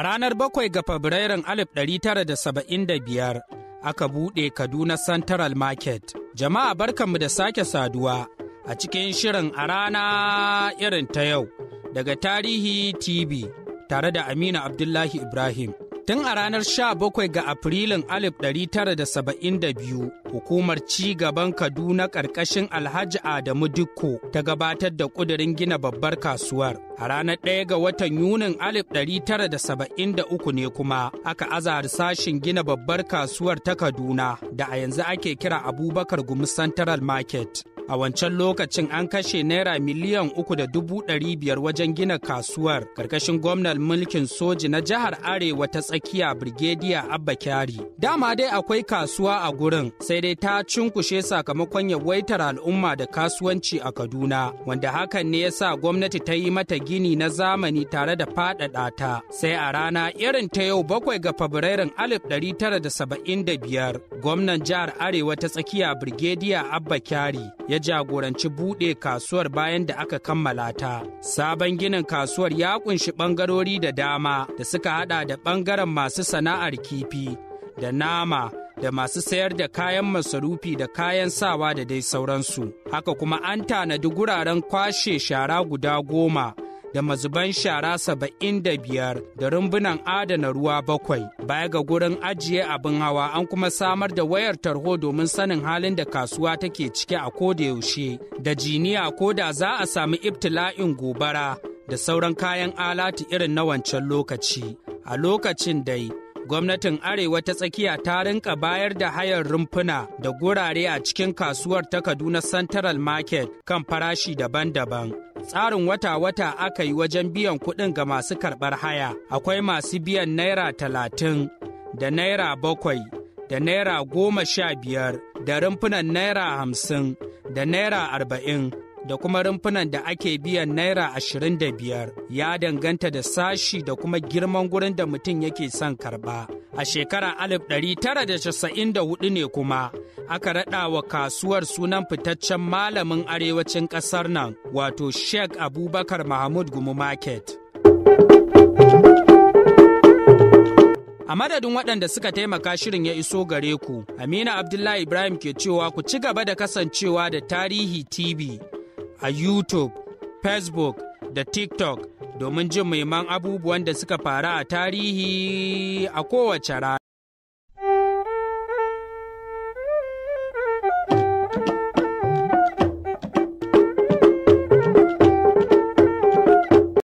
A ranar bakwai ga Fabrairun 1975 aka buɗe Kaduna Central Market. Jama'a barkanmu da sake saduwa a cikin shirin a rana irin ta yau daga Tarihi TV tare da Aminu Abdullahi Ibrahim. Tun a ranar 17 ga Afrilun 1972, hukumar ci gaban Kaduna ƙarƙashin Alhaji Adamu Dikko ta gabatar da ƙudurin gina babbar kasuwar. A ranar 1 ga watan Yunin 1973 ne kuma aka azar sashin gina babbar kasuwar ta Kaduna da a yanzu ake kira Abubakar Gumi Central Market. a wancan lokacin an kashe naira miliyan uku da dubu ɗari biyar wajen gina kasuwar karkashin gwamnan mulkin soji na jihar arewa ta tsakiya birgediya abba kyari dama dai akwai kasuwa a gurin sai dai ta cunkushe sakamakon yawaitar al'umma da kasuwanci a kaduna wanda hakan ne yasa gwamnati ta yi mata gini na zamani tare da faɗaɗa ta sai a rana irin ta yau bakwai ga fabrairun alif ɗari tara da da saba'in biyar. gwamnan jihar arewa ta tsakiya birgediya abba kyari ya jagoranci buɗe kasuwar bayan da aka kammala ta. Sabon ginin kasuwar ya kunshi ɓangarori da dama da suka haɗa da ɓangaren masu sana'ar kifi da nama da masu sayar da kayan masarufi da kayan sawa da dai sauransu. Haka kuma an tanadi guraren kwashe shara guda goma da mazuban shara saba'in da biyar da rumbunan adana ruwa bakwai baya ga gurin ajiye abin hawa an kuma samar da wayar tarho domin sanin halin da kasuwa take ciki a ko da yaushe da jiniya ko da za a sami ibtila'in gobara da sauran kayan alati irin na wancan lokaci a lokacin dai gwamnatin arewa ta tsakiya ta rinka bayar da hayar rumfuna da gurare a cikin kasuwar ta kaduna central market kan farashi daban-daban tsarin wata-wata aka yi wajen biyan kuɗin ga masu karɓar haya akwai masu biyan naira talatin da naira bakwai da naira goma sha biyar da rumfunan naira hamsin da naira arba'in da kuma rumfunan da ake biyan naira ashirin da biyar ya danganta da sashi da kuma girman gurin da mutum yake son karba. A shekara alif ɗari tara da da casa'in hudu ne kuma aka raɗa wa kasuwar sunan fitaccen malamin arewacin ƙasar nan wato Sheikh Abubakar Mahmud Gumu Market. A madadin waɗanda suka taimaka shirin ya iso gare ku, Amina Abdullahi Ibrahim ke cewa ku ci gaba da kasancewa da Tarihi TV. a YouTube, Facebook da TikTok domin jin maiman abubuwan da suka faru a tarihi a kowace rana.